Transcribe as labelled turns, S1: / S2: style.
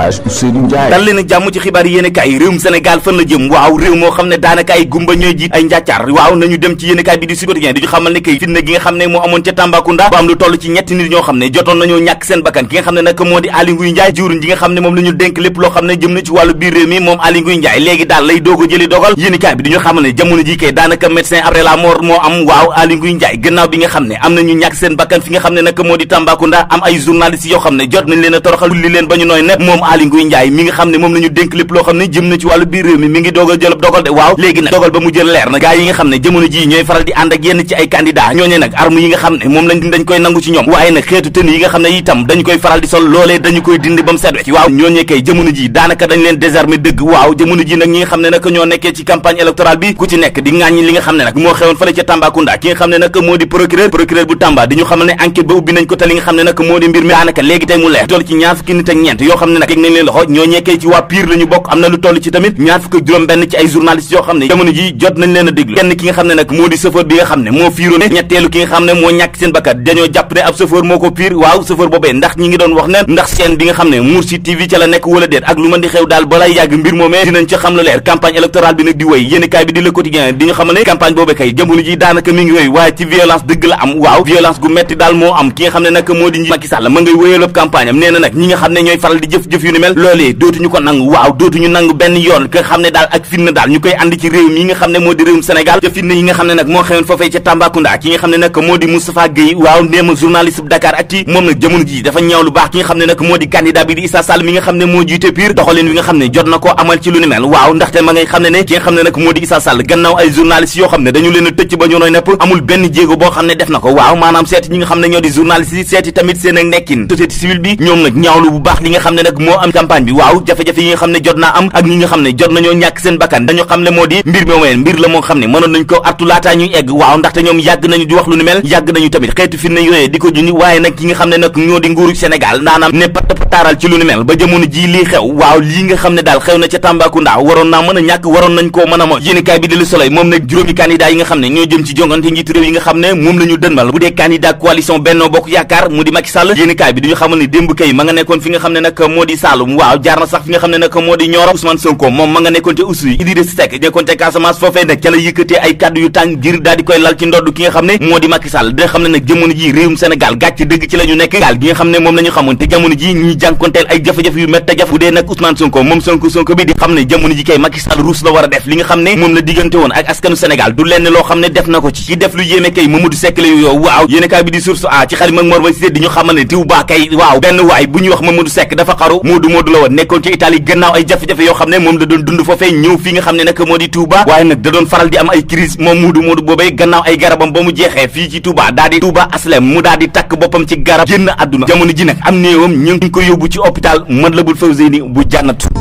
S1: Elhadj Ousseynou Ndiaye dal leen ak jàmm ci xibaar yéenekaay yi réewum Sénégal fan la jëm waaw réew moo xam ne daanaka ay gumba ñooy jiit ay njàccaar waaw nañu dem ci yéenekaay bi di Sud Quotidien di a jëli dogal yéenekaay bi di ñu xamal ne nañu leen a toroxal li leen ba ñu nooy nepp moom Aly Ngouille Ndiaye mi nga xam ne moom la ñu dénk lépp loo xam ne jëm na ci wàllu biir réew mi mi ngi dogal jëlab dogal de waaw léegi nag dogal ba mu jël leer nag arme koy faral di sol loolee dañu koy dindi ba mu set wecc waaw ñooñee kay jamono ji daanaka dañ leen désarmer dëgg waaw jamono ji nag ñi nga xam ne nag ñoo nekkee ci campagne électorale bi ku ci nekk di ŋàññi li nga xam ne nag moo xewoon fële ca Tambacounda ki nga xam ne nag moo di procureur nañ leen loxo ñoo ñekkee ci waa PUR la bokk am na lu toll ci tamit ñaar fukk ak juróom benn ci ay journalistes yoo xam ne jamono ji daanaka mi ngi wéy waaye ci violence dëgg la am waaw violence gu metti daal moo am ki nga xam ne nag moo di Macky Sall ma ngay wéyal campagne am nee na ñi nga xam ne ñooy faral di jëf jëf yu ni mel loolee dootuñu ko nangu waaw dootuñu nangu benn yoon nga xam ne daal ak fitna daal ñu koy andi ci réew yi nga xam ne nag moo di Moustapha gannaaw ay journaliste yoo xam ne dañu leen a tëcc ba ñu nepp amul benn jéego boo xam ne def na ko waaw maanaam seeti ñi nga xam ne ñoo di journaliste seeti tamit seen ak nekkin société civile bi ñoom nag ñaawlu bu baax li nga xam ne nag moo am campagne bi waaw jafe-jafe yi nga xam ne jot naa am ak ñi nga xam ne jot nañoo ñàkk seen bakkan dañu xam ne moo di mbir moomee mbir la moo xam ne mënoon nañ ko artu laataa ñuy egg waaw ndaxte ñoom yàgg nañu di wax lu ni mel yàgg nañu tamit xeetu firnde yooyee di ko junj waaye nag ki nga xam ne nag ñoo di nguuru Sénégal naanaam topp taaral ci lu ni mel ba jamono ji lii xew waaw lii nga xam ne daal xew na ca Tambacounda waroon naa mën a ñàkk waroon nañ koo mën a moy yéenekaay bi di Le Soleil moom nag juróomi candidat yi nga xam nga xam ne moom la ñu dënmal bu dee candidat coalition Benno Bokk Yaakaar mu di Macky Sall yéenekaay bi duñu xamal ni démb kay ma nga nekkoon fi nga xam ne nag moo di Saloum waaw jaar moo di nga nekkoon te Oussouye Idrissa Seck yu tàng ngir daal di koy lal ci ki nga xam ne moo di Macky Sall dina xam ne nag jamono ji réewum Sénégal gàcc dëgg ci lañu ñu nekk gaal gi nga xam ne moom la ñu xamoon te jamono ji ñuy jànkonteel ay jafe-jafe yu métte jaf bu dee nag Ousmane Sonko moom Sonko Sonko bi di xam a def li nga xam ne moom la diggante woon ak askanu Sénégal du lenn a ci xarit mag Mor Ba Cissé di ñu xamal ay jafe-jafe yoo xam ne moom la doon dund foofee ñëw fi nga xam ne nag moo di Touba waaye nag da doon faral di am ay crise moom moodu moodu boobee gannaaw ay garabam ba mu jeexee fii ci Touba daa di aslem mu daa takk boppam ci garab génn àdduna jamono ji nag am néewam nañ ko yóbbu ci hôpital Matlaboul Fawzeyni bu janat